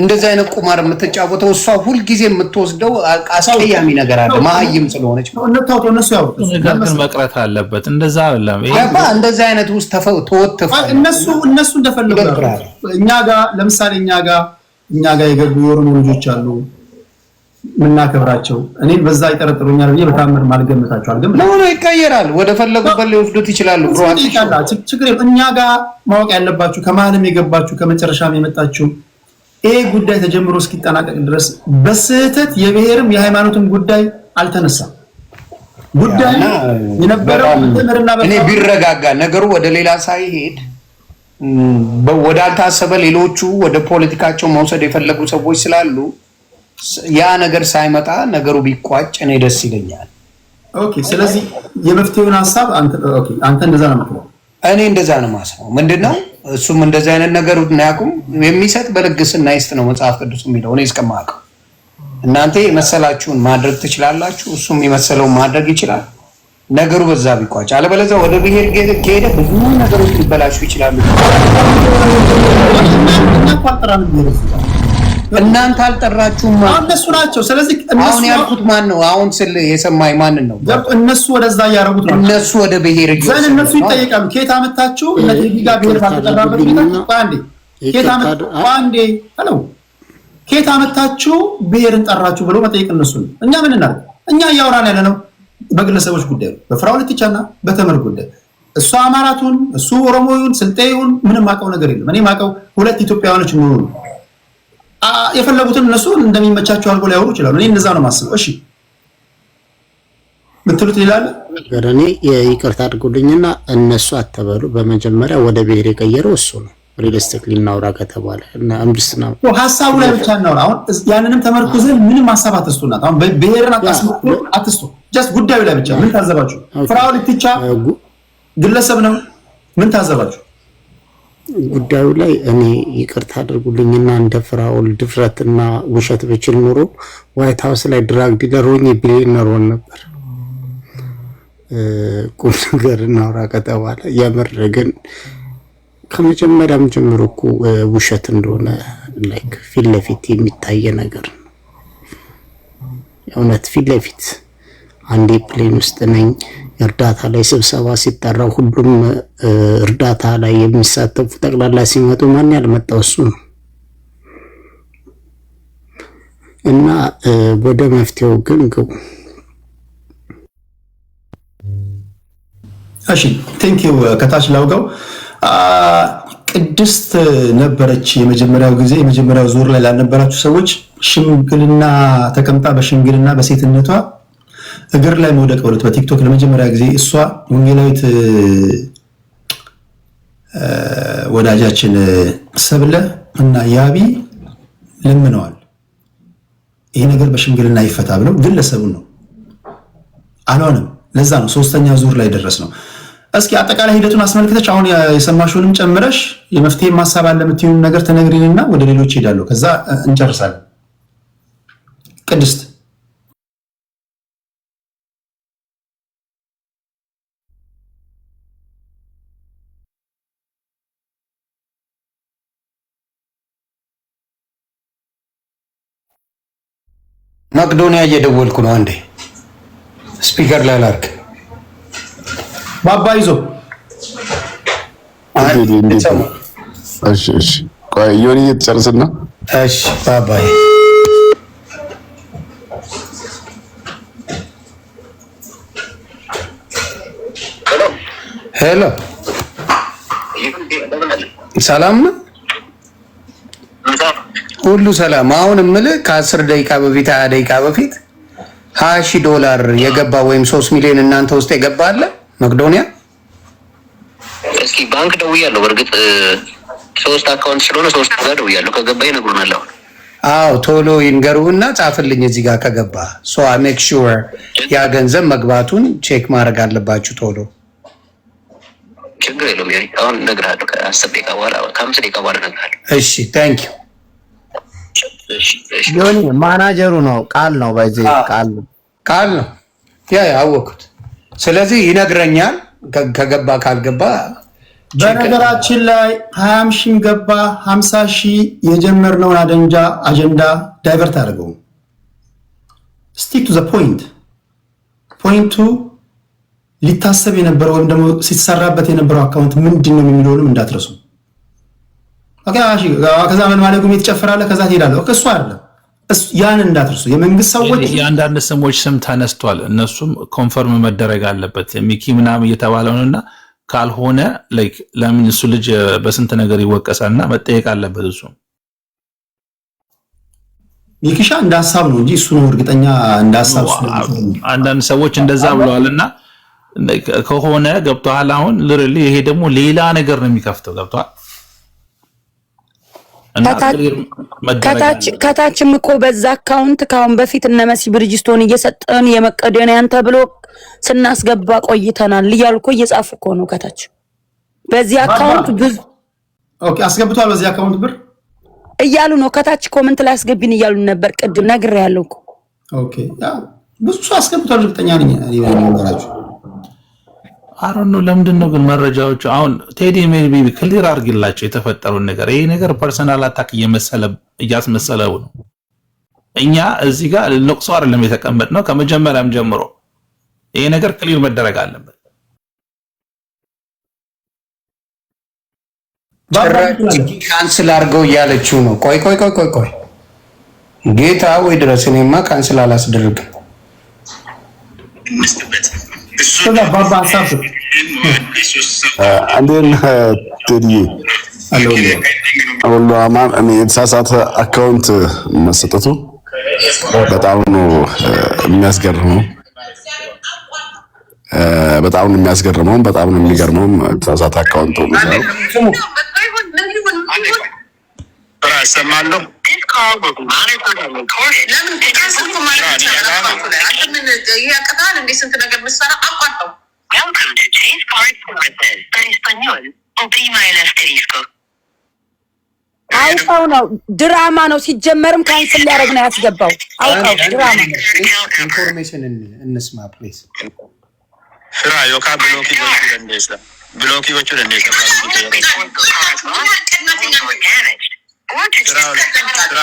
እንደዚህ አይነት ቁማር የምትጫወተው እሷ ሁልጊዜ የምትወስደው አስቀያሚ ነገር አለ። መሀይም ስለሆነች ግን መቅረት አለበት። እንደዛ እንደዚህ አይነት ውስጥ ተወትፈ እነሱ እነሱ እንደፈለጉ እኛ ጋር ለምሳሌ እኛ ጋር እኛ ጋር የገቡ የኦሮሞ ልጆች አሉ የምናከብራቸው እኔ በዛ ይጠረጥሩኛል ብዬ በታምር ማልገምታቸው አልገምታቸው። ይቀየራል፣ ወደ ፈለጉበት ሊወስዱት ይችላሉ። ችግር እኛ ጋር ማወቅ ያለባችሁ ከመሀልም የገባችሁ ከመጨረሻም የመጣችሁ ይሄ ጉዳይ ተጀምሮ እስኪጠናቀቅ ድረስ በስህተት የብሔርም የሃይማኖትም ጉዳይ አልተነሳም። ጉዳይ የነበረው እኔ ቢረጋጋ ነገሩ ወደ ሌላ ሳይሄድ ወዳልታሰበ ሌሎቹ ወደ ፖለቲካቸው መውሰድ የፈለጉ ሰዎች ስላሉ ያ ነገር ሳይመጣ ነገሩ ቢቋጭ እኔ ደስ ይለኛል። ኦኬ፣ ስለዚህ የመፍትሄውን ሀሳብ አንተ እንደዛ ነው እኔ እንደዛ ነው ማስበው ምንድነው እሱም እንደዚህ አይነት ነገር ናያቁም የሚሰጥ በልግስና ይስጥ ነው መጽሐፍ ቅዱስ የሚለው እኔ እስከማውቀው። እናንተ የመሰላችሁን ማድረግ ትችላላችሁ፣ እሱም የመሰለውን ማድረግ ይችላል። ነገሩ በዛ ቢቋጭ፣ አለበለዚያ ወደ ብሄር ከሄደ ብዙ ነገሮች ሊበላሹ ይችላሉ። እናንተ አልጠራችሁም። እነሱ ናቸው። ስለዚህ አሁን ያልኩት ማን ነው? አሁን ስል የሰማይ ማንን ነው? እነሱ ወደዛ እያደረጉት ነው። እነሱ ወደ ብሄር ዘን እነሱ ይጠይቃሉ። ኬት አመታችሁ ጋ ብሄር ባልተጠራበት ሁኔታንዴ ለው ኬት አመታችሁ ብሄርን ጠራችሁ ብሎ መጠየቅ እነሱ ነው። እኛ ምን እናደርግ? እኛ እያወራን ያለ ነው በግለሰቦች ጉዳይ በፍራኦል ኢቲቻና በተመድ ጉዳይ እሱ አማራቱን እሱ ኦሮሞውን ስልጤውን ምንም አውቀው ነገር የለም። እኔ ማውቀው ሁለት ኢትዮጵያውያኖች ኖሩ ነው የፈለጉትን እነሱ እንደሚመቻቸው አድርጎ ሊያወሩ ይችላሉ። እኔ እንደዛ ነው ማስበው። እሺ ምትሉት ይላል ገረኔ ይቅርታ አድርጉልኝና እነሱ አተበሉ በመጀመሪያ ወደ ብሔር የቀየረው እሱ ነው። ሪሊስቲክ ሊናውራ ከተባለ አምድስ ነው ሀሳቡ ላይ ብቻ እናውራ። አሁን ያንንም ተመርኩዘን ምንም ሀሳብ አትስቱ አሁን ብሔርን አታስመክሩ አትስቱ። ጀስት ጉዳዩ ላይ ብቻ ምን ታዘባችሁ? ፍራኦል ኢቲቻ ግለሰብ ነው። ምን ታዘባችሁ? ጉዳዩ ላይ እኔ ይቅርታ አድርጉልኝና እንደ ፍራውል ድፍረትና ውሸት ብችል ኑሮ ዋይት ሀውስ ላይ ድራግ ዲለር ሆኜ ቢሊየነር ሆን ነበር። ቁም ነገር እናውራ ከተባለ የምር ግን ከመጀመሪያም ጀምሮ እኮ ውሸት እንደሆነ ላይክ ፊት ለፊት የሚታየ ነገር ነው። እውነት ፊት ለፊት አንዴ ፕሌን ውስጥ ነኝ። እርዳታ ላይ ስብሰባ ሲጠራው ሁሉም እርዳታ ላይ የሚሳተፉ ጠቅላላ ሲመጡ ማን ያልመጣው እሱ ነው። እና ወደ መፍትሄው ግን ግቡ። እሺ ዩ። ከታች ላውቀው ቅድስት ነበረች የመጀመሪያው ጊዜ የመጀመሪያው ዙር ላይ ላልነበራችሁ ሰዎች ሽምግልና ተቀምጣ በሽምግልና በሴትነቷ እግር ላይ መውደቅ በሉት። በቲክቶክ ለመጀመሪያ ጊዜ እሷ ወንጌላዊት ወዳጃችን ሰብለ እና ያቢ ለምነዋል። ይሄ ነገር በሽምግልና ይፈታ ብለው ግለሰቡን ነው አልሆነም። ለዛ ነው ሶስተኛ ዙር ላይ ደረስ ነው። እስኪ አጠቃላይ ሂደቱን አስመልክተች አሁን የሰማሽውንም ጨምረሽ የመፍትሄ ማሳብ አለ የምትይውን ነገር ተነግሪንና ወደ ሌሎች ይሄዳሉ ከዛ እንጨርሳለን። ቅድስት መቅዶኒያ እየደወልኩ ነው። አንዴ ስፒከር ላይ ላርክ ባባ ይዞ ዮኒ እየተጨርስና እሺ ባባ ሄሎ ሰላም ነው። ሁሉ ሰላም። አሁን ምል ከአስር ደቂቃ በፊት ሀያ ደቂቃ በፊት ሀያ ሺ ዶላር የገባ ወይም ሶስት ሚሊዮን እናንተ ውስጥ የገባ አለ መቅዶኒያ። እስኪ ባንክ ደውያለሁ። በእርግጥ ሶስት አካውንት ስለሆነ ሶስት ጋር ደውያለሁ። ከገባ ይነግሩናል። አሁን አዎ ቶሎ ይንገሩህና ጻፍልኝ እዚህ ጋር ከገባ ሶ አይ ሜክ ሹር ያ ገንዘብ መግባቱን ቼክ ማድረግ አለባችሁ ቶሎ። ችግር የለውም። አሁን እነግርሃለሁ ከአስር ደቂቃ በኋላ ከአምስት ደቂቃ በኋላ እነግርሃለሁ። እሺ ታንኪዩ ዮኒ ማናጀሩ ነው። ቃል ነው በዚህ ቃል ነው ቃል ነው ያ ያወኩት። ስለዚህ ይነግረኛል ከገባ ካልገባ። በነገራችን ላይ ሀያም ሺህም ገባ ሀምሳ ሺህ የጀመርነውን አደንጃ አጀንዳ ዳይቨርት አድርገው ስቲክ ቱ ዘ ፖይንት ፖይንቱ ሊታሰብ የነበረው ወይም ደግሞ ሲሰራበት የነበረው አካውንት ምንድን ነው የሚለውንም እንዳትረሱ። ከዛ ምን ማለጉ ትጨፍራለህ፣ ከዛ ትሄዳለህ። እሱ አይደለም ያን እንዳትርሱ። የመንግስት ሰዎች የአንዳንድ ስሞች ስም ተነስቷል። እነሱም ኮንፈርም መደረግ አለበት ሚኪ ምናምን እየተባለ ነውና ካልሆነ ለምን እሱ ልጅ በስንት ነገር ይወቀሳልና መጠየቅ አለበት። እሱ ሚኪሻ እንደ ሀሳብ ነው እንጂ እሱ ነው እርግጠኛ። እንደ ሀሳብ አንዳንድ ሰዎች እንደዛ ብለዋልና ከሆነ ገብቶሃል። አሁን ይሄ ደግሞ ሌላ ነገር ነው የሚከፍተው። ገብቷል። ከታችም እኮ በዛ አካውንት ከአሁን በፊት እነ መሲ ብርጅስቶን እየሰጠን የመቀዶኒያን ተብሎ ስናስገባ ቆይተናል እያሉ እየጻፉ እኮ ነው። ከታች በዚህ አካውንት ብዙ አስገብቷል፣ በዚህ አካውንት ብር እያሉ ነው። ከታች ኮመንት ላይ አስገቢን እያሉ ነበር። ቅድም ነግሬያለሁ እኮ ብዙ ሰው አስገብቷል፣ እርግጠኛ ነኝ ነገራቸው አሮኖ ነው። ለምንድን ነው ግን መረጃዎቹ አሁን ቴዲ ሜቢ ክሊር አድርግላቸው የተፈጠረውን ነገር። ይሄ ነገር ፐርሰናል አታክ እያስመሰለው ነው። እኛ እዚህ ጋር ልንቅሶ አይደለም የተቀመጥ ነው። ከመጀመሪያም ጀምሮ ይሄ ነገር ክሊር መደረግ አለበት። ካንስል አድርገው እያለችው ነው። ቆይ ቆይ ቆይ ቆይ ቆይ ጌታ ወይ ድረስ እኔማ ካንስል አላስደርግም እንዴት ሁሉ አማን። እኔ የተሳሳተ አካውንት መሰጠቱ በጣም ነው የሚያስገርመው። በጣም ነው በጣም ነው የሚገርመውም የተሳሳተ አካውንት አውቀው ነው ድራማ ነው። ሲጀመርም ካንስል ሊያደርግ ነው ያስገባው። አውቀው ድራማ ኢንፎርሜሽን እንስማ ፕሊዝ። ስራ ዮካ ብሎኪዎቹ ደንዴ ብሎኪዎቹ ደንዴ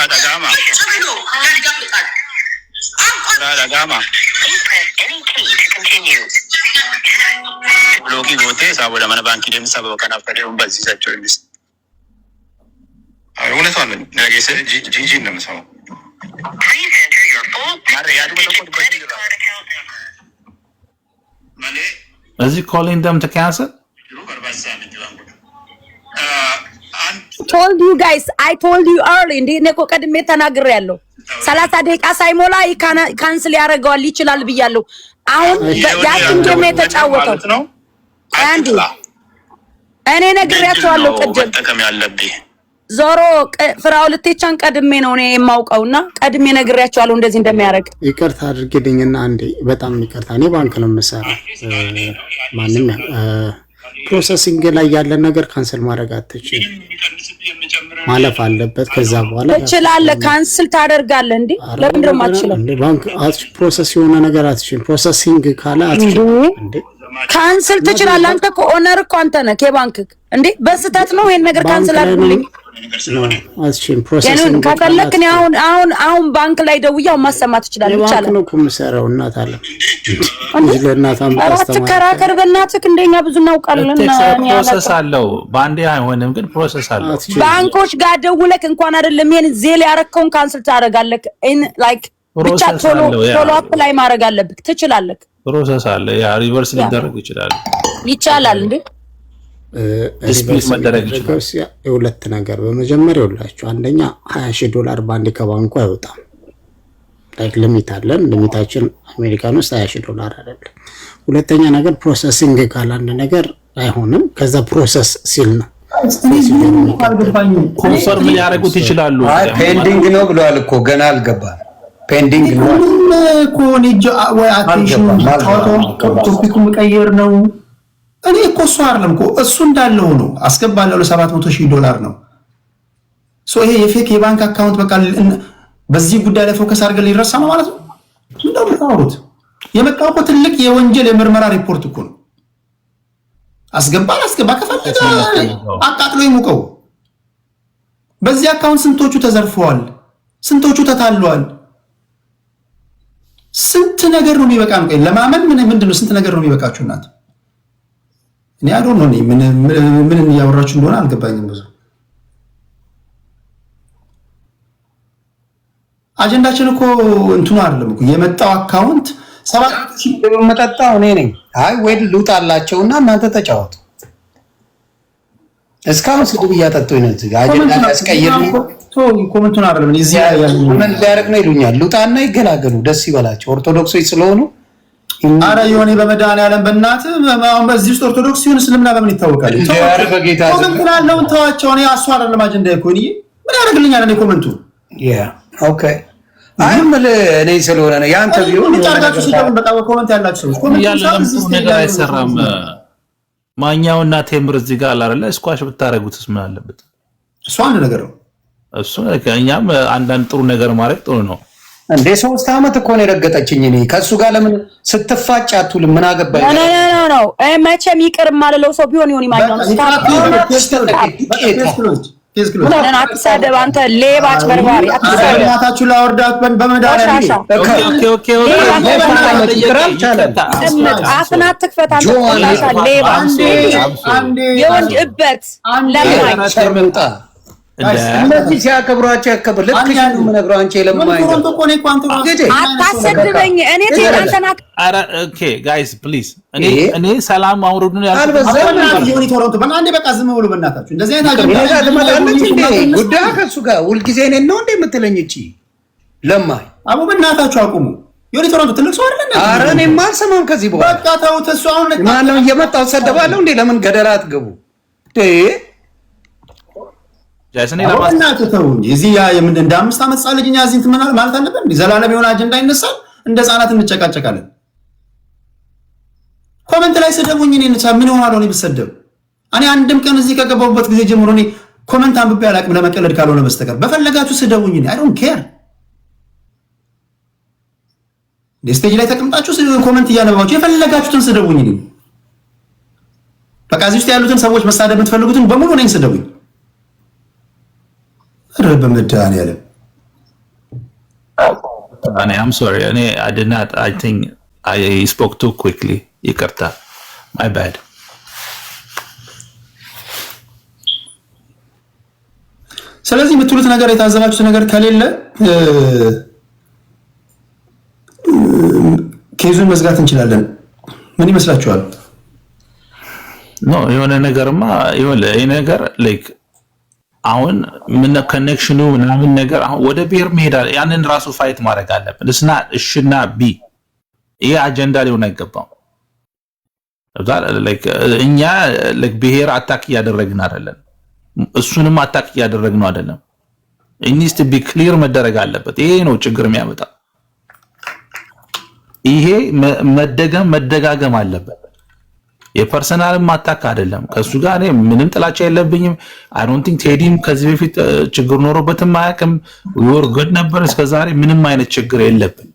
Ra da gama. Ra da gama. Blokii gootee sababoota mana baankii deemsa sababa kanaaf ta'ee balsiisaa jechuudha innis. እውነቷን ነገሰ ጂጂ እንደምሰማው is he calling them to cancel? ቶልድ ዩ ጋይስ አይ ቶልድ ዩ አርሊ እንደ እኔ እኮ ቀድሜ ተናግሬያለሁ። ሰላሳ ደቂቃ ሳይሞላ ካንስል ያደርገዋል ይችላል ብያለሁ። አሁን ያችን ደግሞ የተጫወተው አንዴ እኔ ነግሬያቸዋለሁ። ቅድም ዞሮ ፍራው ልቴቻን ቀድሜ ነው እኔ የማውቀው እና ቀድሜ ነግሬያቸዋለሁ እንደዚህ እንደሚያደርግ። ይቅርታ አድርግልኝና አንዴ በጣም ይቅርታ። እኔ ባንክ ነው የምሰራ ማንም ፕሮሰሲንግ ላይ ያለን ነገር ካንስል ማድረግ አትችል ማለፍ አለበት። ከዛ በኋላ ትችላለ፣ ካንስል ታደርጋለ። እንዲ ለምንድን ማችለ ባንክ ፕሮሰስ የሆነ ነገር አትችል ፕሮሰሲንግ ካለ አትችል ካንስል ትችላለህ። አንተ እኮ ኦነር እኮ አንተ ነህ የባንክ እንዴ። በስተት ነው ይሄን ነገር ካንስል አድርጉልኝ። ፕሮሰስ ከፈለክ አሁን አሁን አሁን ባንክ ላይ ደውያው ማሰማት ይችላል። ይቻላል ነው የምሰራው። እናት አለ አትከራከር በእናትህ። እንደኛ ብዙ እናውቃለን። ፕሮሰስ አለው። ባንዴ አይሆንም ግን ፕሮሰስ አለው። ባንኮች ጋር ደውለክ እንኳን አይደለም ይሄን ዜል ያረከውን ካንስል ታደርጋለህ። ላይክ ብቻ ቶሎ ቶሎ አፕላይ ላይ ማድረግ አለብህ። ትችላለህ ፕሮሰስ አለ። ያ ሪቨርስ ሊደረግ ይችላል ይቻላል እንዴ? ዲስፕሊት መደረግ ይችላል። የሁለት ነገር በመጀመሪያ ይውላችሁ፣ አንደኛ 20 ሺህ ዶላር በአንድ ከባንኩ አይወጣም። ላይክ ሊሚት አለን። ሊሚታችን አሜሪካን ውስጥ 20 ሺህ ዶላር አይደለም። ሁለተኛ ነገር ፕሮሰሲንግ ካለ አንድ ነገር አይሆንም። ከዛ ፕሮሰስ ሲል ነው ኮንፈርም ሊያደርጉት ይችላሉ። ፔንዲንግ ነው ብለዋል እኮ ገና አልገባም ፔንዲንግ ቶፒኩ መቀየር ነው። እኔ እኮ እሱ አይደለም እኮ እሱ እንዳለው ነው አስገባለሁ ለሰባት መቶ ሺህ ዶላር ነው። ይሄ የፌክ የባንክ አካውንት በቃ በዚህ ጉዳይ ላይ ፎከስ አድርገን ሊረሳ ነው ማለት ነው። ምንድነው የምታወሩት? የመጣው ትልቅ የወንጀል የምርመራ ሪፖርት እኮ ነው። አስገባ አስገባ ከፈለገ አቃጥሎ ይሙቀው። በዚህ አካውንት ስንቶቹ ተዘርፈዋል፣ ስንቶቹ ተታለዋል። ስንት ነገር ነው የሚበቃ ነው ለማመን ምንድን ነው? ስንት ነገር ነው የሚበቃችሁ? እናት እኔ አዶ ነው ምን እያወራችሁ እንደሆነ አልገባኝም። ብዙ አጀንዳችን እኮ እንትኑ አይደለም እኮ የመጣው አካውንት ሰባት መጠጣው እኔ ነኝ። አይ ወይ ልውጣላቸው እና እናንተ ተጫወቱ። እስካሁን ስድብ እያጠጡ ነው። አጀንዳ ያስቀይር ኮመንቱን አይደለም ምን ሊያደርግ ነው ይሉኛል። ልውጣና ይገላገሉ፣ ደስ ይበላቸው። ኦርቶዶክሶች ስለሆኑ አረ የሆነ በመድኃኒዓለም በእናትህ አሁን በዚህ ውስጥ ኦርቶዶክስ ሲሆን እስልምና በምን ይታወቃል? ኮመንት ላለውን ተዋቸው። እኔ አሱ አይደለም አጀንዳ ይኮን ምን ያደርግልኛል? እኔ ኮመንቱ ኦኬ አይ የምልህ እኔ ስለሆነ ነው የአንተ ቢሆን ጫርጋችሁ ስጠምን በጣም ኮመንት ያላችሁ ሰዎች ኮመንት ነገር አይሰራም። ማኛውና ቴምር እዚህ ጋር አላለ ስኳሽ ብታደረጉትስ ምን አለበት? እሱ አንድ ነገር ነው። እሱ እኛም አንዳንድ ጥሩ ነገር ማድረግ ጥሩ ነው። እንዴ ሶስት አመት እኮ ነው የረገጠችኝ። እኔ ከእሱ ጋር ለምን ስትፋጭ አትውልም? ምን አገባኝ ነው መቼም ይቅር የማልለው ሰው ቢሆን ይሆን ይማኛውነን አንተ ሌባ አጭበርባሪ። እናታችሁ ላወርዳት በመድኃኒዓለም አፍን ሌባ፣ የወንድ እበት ለማኝ እነዚህ ሲያከብሯቸው ያከብር። ልክ የምነግረው አንቺ አታሰድበኝ። እኔ ጋይስ ፕሊዝ፣ እኔ ሰላም አውርዱን ጉዳይ ከሱ ጋር ሁልጊዜ እኔን ነው እንደ የምትለኝ እቺ ለማኝ አቡ በእናታችሁ አቁሙ። የሆነ ቶሮንቶ ትልቅ ሰው አይደለም። ኧረ እኔማ አልሰማም ከዚህ በኋላ በቃ ተውት። እሱ አሁን ማነው እየመጣ ሰደባለሁ እንዴ? ለምን ገደላት ገቡ? ጃይሰን ለማስ እናንተ ተው እንጂ እዚህ ያ የምን እንደ አምስት ዓመት ህፃን ልጅ እኛ እዚህ እንትን ማለት አለብን? ዘላለም የሆነ አጀንዳ ይነሳል። እንደ ህፃናት እንጨቃጨቃለን። ኮመንት ላይ ስደቡኝ። እኔ እንቻ ምን ሆነ አለው ብሰደብ እኔ አንድም ቀን እዚህ ከገባሁበት ጊዜ ጀምሮ እኔ ኮመንት አንብቤ አላቅም፣ ለመቀለድ ካልሆነ በስተቀር በፈለጋችሁ ስደቡኝ። እኔ አይ ዶንት ኬር። ስቴጅ ላይ ተቀምጣችሁ ኮመንት እያነበባችሁ የፈለጋችሁትን ስደቡኝ። እኔ በቃ እዚህ ውስጥ ያሉትን ሰዎች መሳደብ የምትፈልጉትን በሙሉ እኔን ስደቡኝ። እረ በመድኃኒዓለም አም ሶሪ እኔ አድናት አይ ቲንክ አይ ስፖክ ቱ ኩክሊ ይቅርታ፣ ማይ ባድ። ስለዚህ የምትሉት ነገር የታዘባችሁት ነገር ከሌለ ኬዙን መዝጋት እንችላለን። ምን ይመስላችኋል? ኖ የሆነ ነገርማ የሆነ ነገር ላይክ አሁን ምን ኮኔክሽኑ ምናምን ነገር አሁን ወደ ብሔር መሄድ ያንን ራሱ ፋይት ማድረግ አለብን። እስና እሽና ቢ ይሄ አጀንዳ ሊሆን አይገባም። እኛ ብሔር አታክ እያደረግን አይደለም፣ እሱንም አታክ እያደረግነው አይደለም። ኢኒስት ቢ ክሊር መደረግ አለበት። ይሄ ነው ችግር የሚያመጣ። ይሄ መደገም መደጋገም አለበት። የፐርሰናልም ማታክ አይደለም። ከእሱ ጋር እኔ ምንም ጥላቻ የለብኝም። አይዶንቲንክ ቴዲም ከዚህ በፊት ችግር ኖሮበትም አያውቅም። ወር ግድ ነበር እስከዛሬ ምንም አይነት ችግር የለብን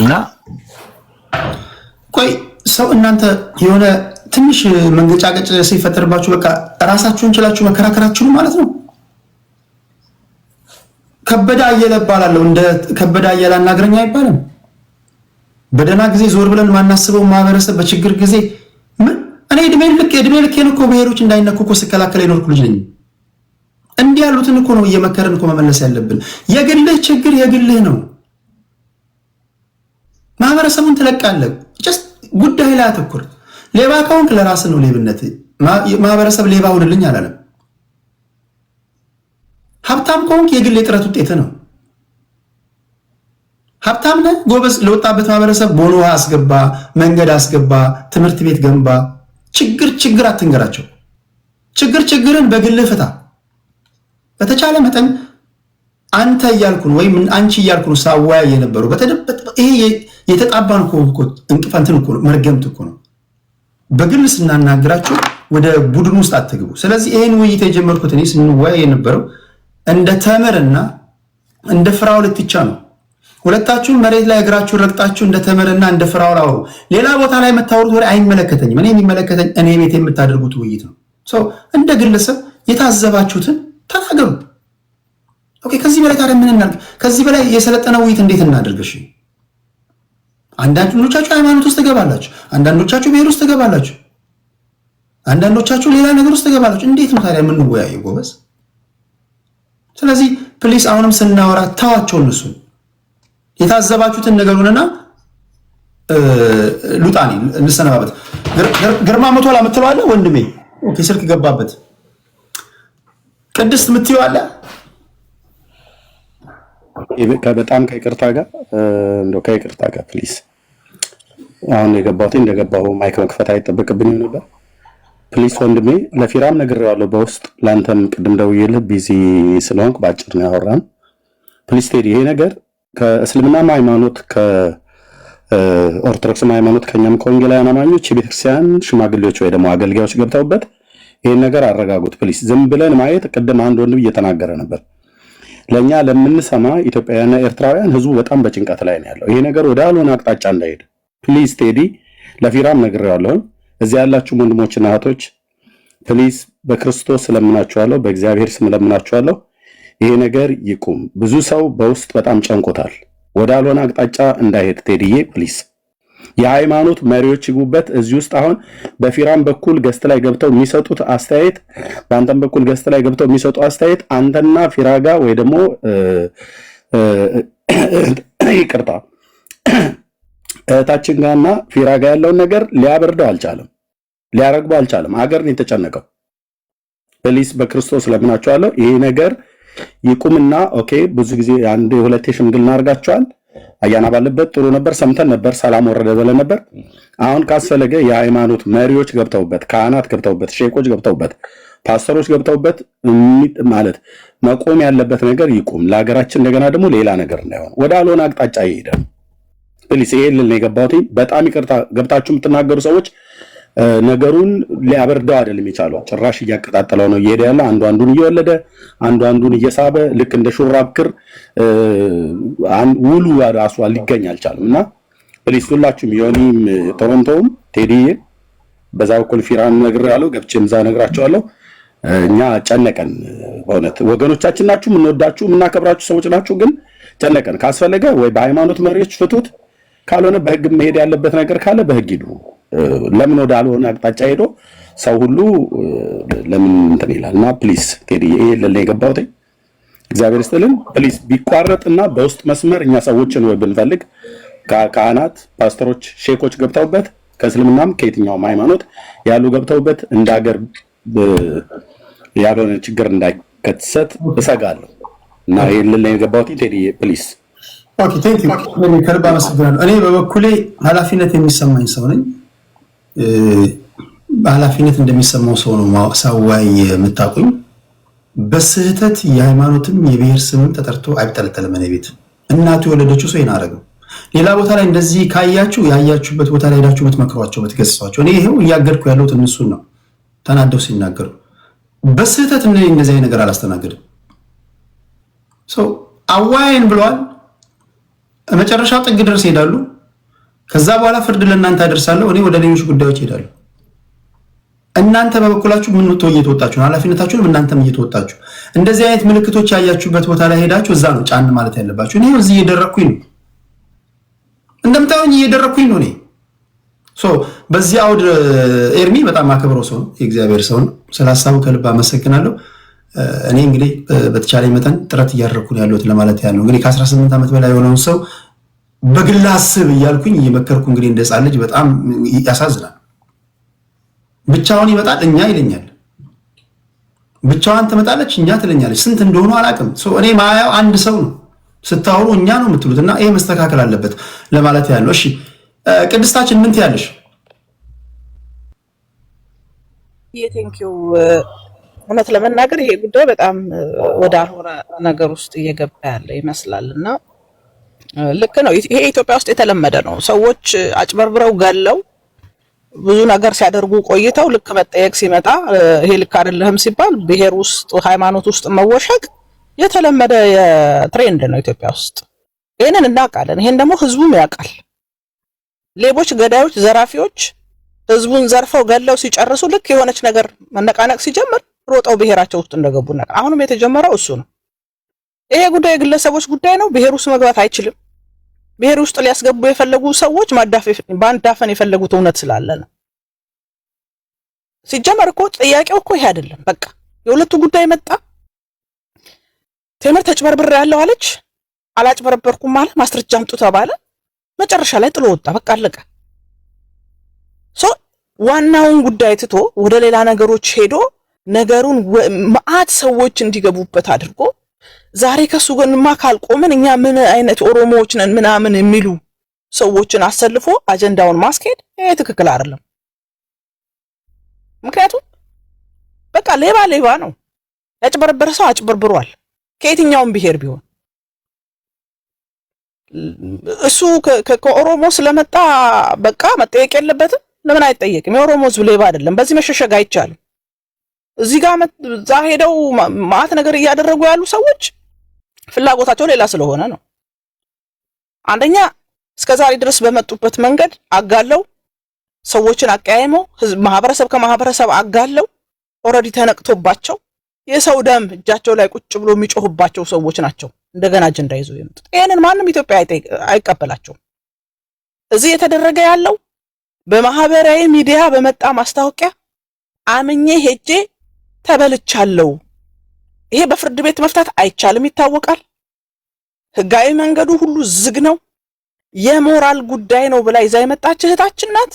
እና ቆይ ሰው እናንተ የሆነ ትንሽ መንገጫገጭ ሲፈጠርባችሁ በቃ ራሳችሁን ችላችሁ መከራከራችሁን ማለት ነው። ከበደ አየለ እባላለሁ። እንደ ከበደ አየለ አናግረኝ አይባልም። በደህና ጊዜ ዞር ብለን ማናስበው ማህበረሰብ በችግር ጊዜ ምን እኔ እድሜ ልክ እድሜ ልክ እኮ ብሔሮች እንዳይነኩ እኮ ስከላከል የኖርኩ ልጅ ነኝ። እንዲህ ያሉትን እኮ ነው እየመከረን እኮ መመለስ ያለብን። የግልህ ችግር የግልህ ነው። ማህበረሰቡን ትለቃለህ። ጀስት ጉዳይ ላይ አተኩር። ሌባ ከሆንክ ለራስ ነው ሌብነት። ማህበረሰብ ሌባ ሁንልኝ አላለም። ሀብታም ከሆንክ የግል የጥረት ውጤት ነው። ሀብታም ነህ ጎበዝ፣ ለወጣበት ማህበረሰብ ቦኖ ውሃ አስገባ፣ መንገድ አስገባ፣ ትምህርት ቤት ገንባ። ችግር ችግር አትንገራቸው። ችግር ችግርን በግልህ ፍታ። በተቻለ መጠን አንተ እያልኩን ወይም አንቺ እያልኩን ሳወያይ የነበረው ይሄ የተጣባን እንቅፋንትን መርገምት እኮ ነው። በግል ስናናግራቸው ወደ ቡድን ውስጥ አትግቡ። ስለዚህ ይህን ውይይት የጀመርኩት እኔ ስንወያይ የነበረው እንደ ተምርና እንደ ፍራው ልትቻ ነው ሁለታችሁም መሬት ላይ እግራችሁን ረግጣችሁ እንደ ተምርና እንደ ፍራውል አውሩ። ሌላ ቦታ ላይ የምታወሩት ወሬ አይመለከተኝም። እኔ የሚመለከተኝ እኔ ቤት የምታደርጉት ውይይት ነው። እንደ ግለሰብ የታዘባችሁትን ተናገሩ። ከዚህ በላይ ታዲያ ምን እናድርግ? ከዚህ በላይ የሰለጠነ ውይይት እንዴት እናደርግሽ? አንዳንዶቻችሁ ሃይማኖት ውስጥ ትገባላችሁ፣ አንዳንዶቻችሁ ብሔር ውስጥ ትገባላችሁ፣ አንዳንዶቻችሁ ሌላ ነገር ውስጥ ትገባላችሁ። እንዴት ነው ታዲያ የምንወያየው ጎበዝ? ስለዚህ ፕሊስ አሁንም ስናወራ ተዋቸው እነሱን የታዘባችሁትን ነገር ሆነና ሉጣኔ እንሰነባበት። ግርማ መቶ ላ ምትለዋለ ወንድሜ ስልክ ገባበት። ቅድስት ምትዋለ በጣም ከይቅርታ ጋር እንደው ከይቅርታ ጋር ፕሊዝ። አሁን የገባሁት እንደገባሁ ማይክ መክፈት አይጠበቅብኝም ነበር። ፕሊስ ወንድሜ ለፊራም ነግሬዋለሁ በውስጥ ለአንተም ቅድም ደውዬልህ ቢዚ ስለሆንክ በአጭር ነው ያወራን። ፕሊስ ቴዲ ይሄ ነገር ከእስልምናም ሃይማኖት ከኦርቶዶክስም ሃይማኖት ከኛም ከወንጌላውያን አማኞች የቤተክርስቲያን ሽማግሌዎች ወይ ደግሞ አገልጋዮች ገብተውበት ይህን ነገር አረጋጉት ፕሊስ። ዝም ብለን ማየት ቅድም አንድ ወንድም እየተናገረ ነበር። ለእኛ ለምንሰማ ኢትዮጵያውያንና ኤርትራውያን ህዝቡ በጣም በጭንቀት ላይ ነው ያለው። ይሄ ነገር ወደ አልሆነ አቅጣጫ እንዳይሄድ ፕሊስ። ቴዲ ለፊራም ነግሬዋለሁኝ። እዚያ ያላችሁም ወንድሞችና እህቶች ፕሊስ፣ በክርስቶስ ስለምናችኋለሁ፣ በእግዚአብሔር ስም ይሄ ነገር ይቁም። ብዙ ሰው በውስጥ በጣም ጨንቆታል። ወደ ወዳልሆነ አቅጣጫ እንዳይሄድ ቴድዬ ፕሊስ። የሃይማኖት መሪዎች ይጉበት እዚህ ውስጥ። አሁን በፊራም በኩል ገስት ላይ ገብተው የሚሰጡት አስተያየት፣ በአንተም በኩል ገስት ላይ ገብተው የሚሰጡ አስተያየት አንተና ፊራጋ ወይ ደግሞ ይቅርታ እህታችን ጋርና ፊራጋ ያለውን ነገር ሊያበርደው አልቻለም፣ ሊያረግበው አልቻለም። አገር ነው የተጨነቀው። ፕሊስ በክርስቶስ ለምናቸዋለሁ ይሄ ነገር ይቁምና ኦኬ። ብዙ ጊዜ አንድ የሁለቴ ሽምግልና አድርጋቸዋል አያና ባለበት ጥሩ ነበር፣ ሰምተን ነበር፣ ሰላም ወረደ ብለን ነበር። አሁን ካስፈለገ የሃይማኖት መሪዎች ገብተውበት፣ ካህናት ገብተውበት፣ ሼኮች ገብተውበት፣ ፓስተሮች ገብተውበት ማለት መቆም ያለበት ነገር ይቁም። ለሀገራችን እንደገና ደግሞ ሌላ ነገር እንዳይሆን ወደ አልሆነ አቅጣጫ ይሄዳል። ፕሊስ ይሄ ልል የገባሁት። በጣም ይቅርታ ገብታችሁ የምትናገሩ ሰዎች ነገሩን ሊያበርደው አይደለም የቻለው፣ ጭራሽ እያቀጣጠለው ነው እየሄደ ያለ። አንዱ አንዱን እየወለደ አንዱ አንዱን እየሳበ ልክ እንደ ሹራብ ክር ውሉ ራሷ ሊገኝ አልቻለም። እና ፕሊስ ሁላችሁም ዮኒም፣ ቶሮንቶውም፣ ቴዲዬ በዛ በኩል ፊራን ነግር ያለው ገብቼም እዛ ነግራቸዋለሁ። እኛ ጨነቀን፣ በእውነት ወገኖቻችን ናችሁ፣ የምንወዳችሁ የምናከብራችሁ ሰዎች ናችሁ። ግን ጨነቀን። ካስፈለገ ወይ በሃይማኖት መሪዎች ፍቱት፣ ካልሆነ በህግ መሄድ ያለበት ነገር ካለ በህግ ይድሩ። ለምን ወደ አልሆነ አቅጣጫ ሄዶ ሰው ሁሉ ለምን እንትን ይላል እና ፕሊስ ቴዲ ይሄ ለለ የገባሁት እግዚአብሔር ስትልን ፕሊስ ቢቋረጥ እና በውስጥ መስመር እኛ ሰዎችን ወይ ብንፈልግ ካህናት፣ ፓስተሮች፣ ሼኮች ገብተውበት ከእስልምናም ከየትኛውም ሃይማኖት ያሉ ገብተውበት እንደ ሀገር ያልሆነ ችግር እንዳይከሰት እሰጋለሁ እና ይህ ልለ የገባሁት ቴዲ ፕሊስ ከልብ አመሰግናለሁ። እኔ በበኩሌ ኃላፊነት የሚሰማኝ ሰው ነኝ። በኃላፊነት እንደሚሰማው ሰው ነው ሳዋይ የምታቆኝ በስህተት የሃይማኖትም የብሔር ስምም ተጠርቶ አይጠለጠልም። እኔ ቤት እናቱ የወለደችው ሰው ይናረግም። ሌላ ቦታ ላይ እንደዚህ ካያችሁ ያያችሁበት ቦታ ላይ ሄዳችሁ ብትመክሯቸው፣ ብትገስጿቸው። እኔ ይሄው እያገድኩ ያለሁት እነሱን ነው። ተናደው ሲናገሩ በስህተት እኔ እንደዚህ ነገር አላስተናግድም። አዋይን ብለዋል። መጨረሻ ጥግ ድረስ ይሄዳሉ። ከዛ በኋላ ፍርድ ለእናንተ አደርሳለሁ። እኔ ወደ ሌሎች ጉዳዮች ሄዳለሁ። እናንተ በበኩላችሁ ምን እየተወጣችሁ ነው? ኃላፊነታችሁንም እናንተም እየተወጣችሁ እንደዚህ አይነት ምልክቶች ያያችሁበት ቦታ ላይ ሄዳችሁ እዛ ነው ጫን ማለት ያለባችሁ። እኔ እዚህ እየደረግኩኝ ነው፣ እንደምታዩኝ እየደረግኩኝ ነው። እኔ በዚህ አውድ ኤርሚ በጣም አከብረው ሰው ነው፣ የእግዚአብሔር ሰው ነው። ስለ ሀሳቡ ከልብ አመሰግናለሁ። እኔ እንግዲህ በተቻለ መጠን ጥረት እያደረግኩ ያለሁት ለማለት ያለው እንግዲህ ከ18 ዓመት በላይ የሆነውን ሰው በግል አስብ እያልኩኝ እየመከርኩ እንግዲህ እንደ ልጅ በጣም ያሳዝናል። ብቻውን ይመጣል እኛ ይለኛል። ብቻዋን ትመጣለች እኛ ትለኛለች። ስንት እንደሆኑ አላውቅም። እኔ ማያው አንድ ሰው ነው። ስታወሩ እኛ ነው የምትሉት። እና ይሄ መስተካከል አለበት ለማለት ያለው። እሺ ቅድስታችን ምን ትያለሽ? እውነት ለመናገር ይሄ ጉዳይ በጣም ወደ አልሆነ ነገር ውስጥ እየገባ ያለ ይመስላል እና ልክ ነው። ይሄ ኢትዮጵያ ውስጥ የተለመደ ነው። ሰዎች አጭበርብረው ገለው ብዙ ነገር ሲያደርጉ ቆይተው ልክ መጠየቅ ሲመጣ ይሄ ልክ አይደለህም ሲባል ብሔር ውስጥ ሃይማኖት ውስጥ መወሸቅ የተለመደ የትሬንድ ነው ኢትዮጵያ ውስጥ። ይህንን እናውቃለን። ይሄን ደግሞ ህዝቡም ያውቃል። ሌቦች፣ ገዳዮች፣ ዘራፊዎች ህዝቡን ዘርፈው ገለው ሲጨርሱ ልክ የሆነች ነገር መነቃነቅ ሲጀምር ሮጠው ብሔራቸው ውስጥ እንደገቡ አሁንም የተጀመረው እሱ ነው። ይሄ ጉዳይ የግለሰቦች ጉዳይ ነው። ብሔር ውስጥ መግባት አይችልም። ብሔር ውስጥ ሊያስገቡ የፈለጉ ሰዎች ማዳፈን የፈለጉት እውነት ስላለ ነው። ሲጀመር እኮ ጥያቄው እኮ ይሄ አይደለም። በቃ የሁለቱ ጉዳይ መጣ። ቴምር ተጭበርብር ያለው አለች፣ አላጭበረበርኩም አለ፣ ማስረጃ አምጡ ተባለ። መጨረሻ ላይ ጥሎ ወጣ። በቃ አለቀ። ዋናውን ጉዳይ ትቶ ወደ ሌላ ነገሮች ሄዶ ነገሩን መዓት ሰዎች እንዲገቡበት አድርጎ ዛሬ ከሱ ጎንማ ካልቆምን እኛ ምን አይነት ኦሮሞዎች ነን ምናምን የሚሉ ሰዎችን አሰልፎ አጀንዳውን ማስኬድ ይሄ ትክክል አይደለም። ምክንያቱም በቃ ሌባ ሌባ ነው። ያጭበረበረ ሰው አጭበርብሯል፣ ከየትኛውም ብሄር ቢሆን እሱ ከኦሮሞ ስለመጣ በቃ መጠየቅ የለበትም። ለምን አይጠየቅም? የኦሮሞ ሕዝብ ሌባ አይደለም። በዚህ መሸሸግ አይቻልም። እዚህ ጋር እዛ ሄደው ማት ነገር እያደረጉ ያሉ ሰዎች ፍላጎታቸው ሌላ ስለሆነ ነው። አንደኛ እስከ ዛሬ ድረስ በመጡበት መንገድ አጋለው ሰዎችን አቀያይመው ማህበረሰብ ከማህበረሰብ አጋለው ኦልሬዲ ተነቅቶባቸው የሰው ደም እጃቸው ላይ ቁጭ ብሎ የሚጮህባቸው ሰዎች ናቸው እንደገና አጀንዳ ይዘው የመጡት። ይህንን ማንም ኢትዮጵያ አይቀበላቸውም። እዚህ የተደረገ ያለው በማህበራዊ ሚዲያ በመጣ ማስታወቂያ አምኜ ሄጄ ተበልቻለሁ። ይሄ በፍርድ ቤት መፍታት አይቻልም፣ ይታወቃል። ህጋዊ መንገዱ ሁሉ ዝግ ነው። የሞራል ጉዳይ ነው ብላ ይዛ የመጣች እህታችን ናት።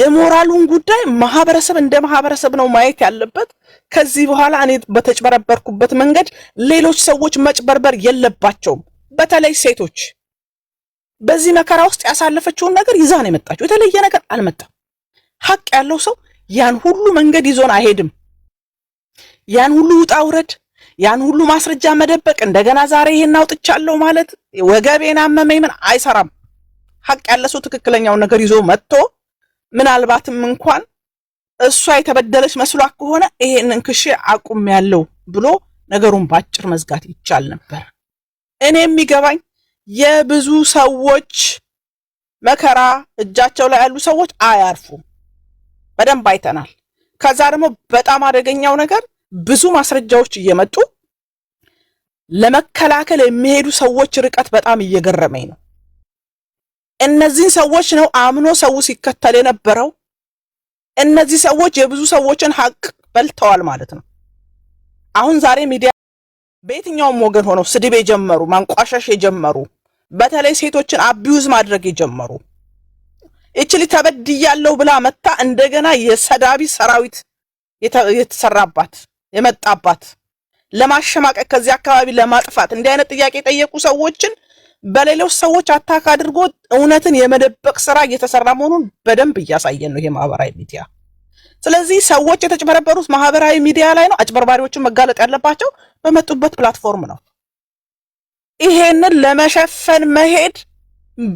የሞራሉን ጉዳይ ማህበረሰብ እንደ ማህበረሰብ ነው ማየት ያለበት። ከዚህ በኋላ እኔ በተጭበረበርኩበት መንገድ ሌሎች ሰዎች መጭበርበር የለባቸውም። በተለይ ሴቶች በዚህ መከራ ውስጥ ያሳለፈችውን ነገር ይዛ ነው የመጣችው። የተለየ ነገር አልመጣም። ሀቅ ያለው ሰው ያን ሁሉ መንገድ ይዞን አይሄድም። ያን ሁሉ ውጣ ውረድ፣ ያን ሁሉ ማስረጃ መደበቅ፣ እንደገና ዛሬ ይሄን አውጥቻለሁ ማለት ወገቤን አመመኝ ምን አይሰራም። ሀቅ ያለ ሰው ትክክለኛውን ነገር ይዞ መጥቶ ምናልባትም እንኳን እሷ የተበደለች መስሏት ከሆነ ይሄንን ክሽ አቁም ያለው ብሎ ነገሩን ባጭር መዝጋት ይቻል ነበር። እኔ የሚገባኝ የብዙ ሰዎች መከራ እጃቸው ላይ ያሉ ሰዎች አያርፉም። በደንብ አይተናል። ከዛ ደግሞ በጣም አደገኛው ነገር ብዙ ማስረጃዎች እየመጡ ለመከላከል የሚሄዱ ሰዎች ርቀት በጣም እየገረመኝ ነው። እነዚህን ሰዎች ነው አምኖ ሰው ሲከተል የነበረው። እነዚህ ሰዎች የብዙ ሰዎችን ሀቅ በልተዋል ማለት ነው። አሁን ዛሬ ሚዲያ በየትኛውም ወገን ሆነው ስድብ የጀመሩ ማንቋሻሽ የጀመሩ በተለይ ሴቶችን አቢዩዝ ማድረግ የጀመሩ እችሊ ተበድያለሁ ብላ መታ እንደገና የሰዳቢ ሰራዊት የተሰራባት የመጣባት ለማሸማቀቅ ከዚህ አካባቢ ለማጥፋት እንዲህ አይነት ጥያቄ የጠየቁ ሰዎችን በሌሎች ሰዎች አታክ አድርጎ እውነትን የመደበቅ ስራ እየተሰራ መሆኑን በደንብ እያሳየን ነው ይሄ ማህበራዊ ሚዲያ። ስለዚህ ሰዎች የተጭበረበሩት ማህበራዊ ሚዲያ ላይ ነው። አጭበርባሪዎቹ መጋለጥ ያለባቸው በመጡበት ፕላትፎርም ነው። ይሄንን ለመሸፈን መሄድ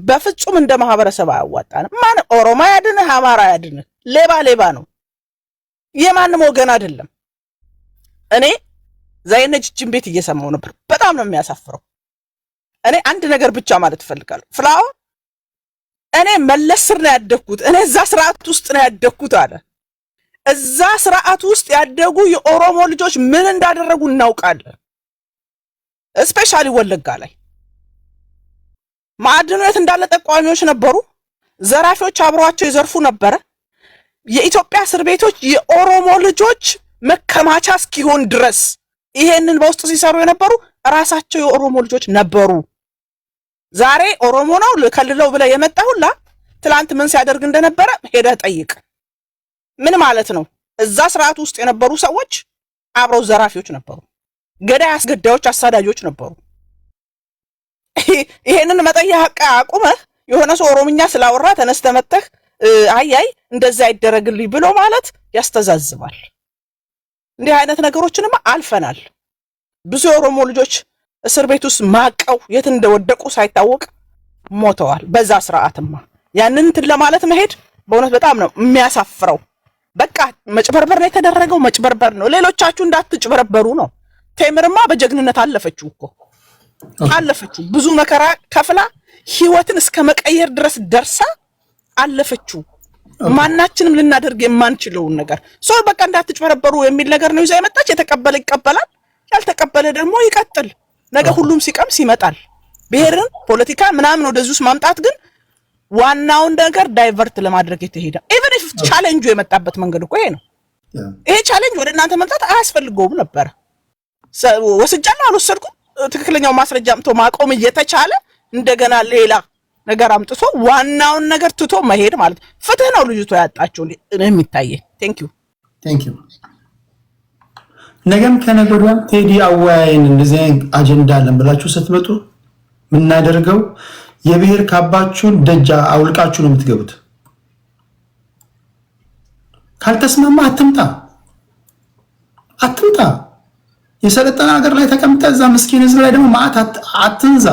በፍጹም እንደ ማህበረሰብ አያዋጣንም። ማን ኦሮማ ያድንህ፣ አማራ ያድንህ፣ ሌባ ሌባ ነው። የማንም ወገን አይደለም። እኔ ዛይነጅጅን ቤት እየሰማው ነበር። በጣም ነው የሚያሳፍረው። እኔ አንድ ነገር ብቻ ማለት እፈልጋለሁ። ፍላው እኔ መለስ ስር ነው ያደግኩት፣ እኔ እዛ ስርዓት ውስጥ ነው ያደግኩት አለ። እዛ ስርዓት ውስጥ ያደጉ የኦሮሞ ልጆች ምን እንዳደረጉ እናውቃለን። እስፔሻሊ ወለጋ ላይ ማዕድኑት እንዳለ ጠቋሚዎች ነበሩ። ዘራፊዎች አብረዋቸው ይዘርፉ ነበረ። የኢትዮጵያ እስር ቤቶች የኦሮሞ ልጆች መከማቻ እስኪሆን ድረስ ይሄንን በውስጥ ሲሰሩ የነበሩ ራሳቸው የኦሮሞ ልጆች ነበሩ። ዛሬ ኦሮሞ ነው ልከልለው ብለህ የመጣ ሁላ ትላንት ምን ሲያደርግ እንደነበረ ሄደህ ጠይቅ። ምን ማለት ነው? እዛ ስርዓት ውስጥ የነበሩ ሰዎች አብረው ዘራፊዎች ነበሩ፣ ገዳይ አስገዳዮች፣ አሳዳጆች ነበሩ። ይሄንን መጠየቅ አቁመህ የሆነ ሰው ኦሮምኛ ስላወራ ተነስተ መጥተህ አያይ እንደዚህ አይደረግልኝ ብሎ ማለት ያስተዛዝባል። እንዲህ አይነት ነገሮችንማ አልፈናል። ብዙ የኦሮሞ ልጆች እስር ቤት ውስጥ ማቀው የት እንደወደቁ ሳይታወቅ ሞተዋል። በዛ ስርዓትማ ያንን እንትን ለማለት መሄድ በእውነት በጣም ነው የሚያሳፍረው። በቃ መጭበርበር ነው የተደረገው፣ መጭበርበር ነው። ሌሎቻችሁ እንዳትጭበረበሩ ነው። ቴምርማ በጀግንነት አለፈችው እኮ አለፈችው። ብዙ መከራ ከፍላ ህይወትን እስከ መቀየር ድረስ ደርሳ አለፈችው። ማናችንም ልናደርግ የማንችለውን ነገር ሰው በቃ እንዳትጭበረበሩ የሚል ነገር ነው ይዛ የመጣች። የተቀበለ ይቀበላል፣ ያልተቀበለ ደግሞ ይቀጥል። ነገ ሁሉም ሲቀምስ ይመጣል። ብሔርን፣ ፖለቲካ ምናምን ወደዚህ ውስጥ ማምጣት ግን ዋናውን ነገር ዳይቨርት ለማድረግ የተሄደ ኢቨን ኢፍ ቻሌንጁ የመጣበት መንገድ እኮ ይሄ ነው። ይሄ ቻሌንጅ ወደ እናንተ መምጣት አያስፈልገውም ነበረ። ወስጃለሁ አልወሰድኩም፣ ትክክለኛው ማስረጃ አምጥቶ ማቆም እየተቻለ እንደገና ሌላ ነገር አምጥቶ ዋናውን ነገር ትቶ መሄድ ማለት ነው። ፍትህ ነው ልጅቷ ያጣችው የሚታየ። ቴንክ ዩ ቴንክ ዩ። ነገም ከነገ ወዲያም ቴዲ አወያይን እንደዚህ አጀንዳ አለን ብላችሁ ስትመጡ የምናደርገው የብሔር ካባችሁን ደጃ አውልቃችሁ ነው የምትገቡት። ካልተስማማ አትምጣ አትምጣ። የሰለጠነ ሀገር ላይ ተቀምጠ እዛ ምስኪን ህዝብ ላይ ደግሞ ማዕት አትንዛ።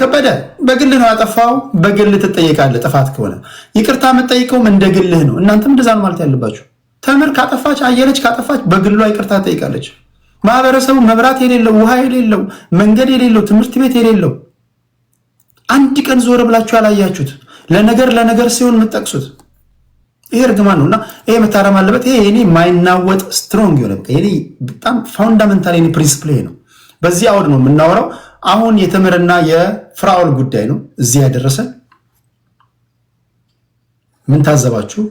ከበደ በግል ነው ያጠፋው፣ በግል ትጠየቃለህ። ጥፋት ከሆነ ይቅርታ የምጠይቀውም እንደ ግልህ ነው። እናንተም እንደዛ ማለት ያለባችሁ። ተምር ካጠፋች፣ አየለች ካጠፋች በግሏ ይቅርታ ትጠይቃለች። ማህበረሰቡ መብራት የሌለው ውሃ የሌለው መንገድ የሌለው ትምህርት ቤት የሌለው አንድ ቀን ዞር ብላችሁ ያላያችሁት ለነገር ለነገር ሲሆን የምትጠቅሱት ይሄ እርግማን ነው እና ይሄ መታረም አለበት። ይሄ የእኔ የማይናወጥ ስትሮንግ የሆነ በቃ በጣም ፋውንዳመንታል ፕሪንስፕል ይሄ ነው። በዚህ አውድ ነው የምናወራው። አሁን የተምርና የፍራኦል ጉዳይ ነው እዚህ ያደረሰን። ምን ታዘባችሁ?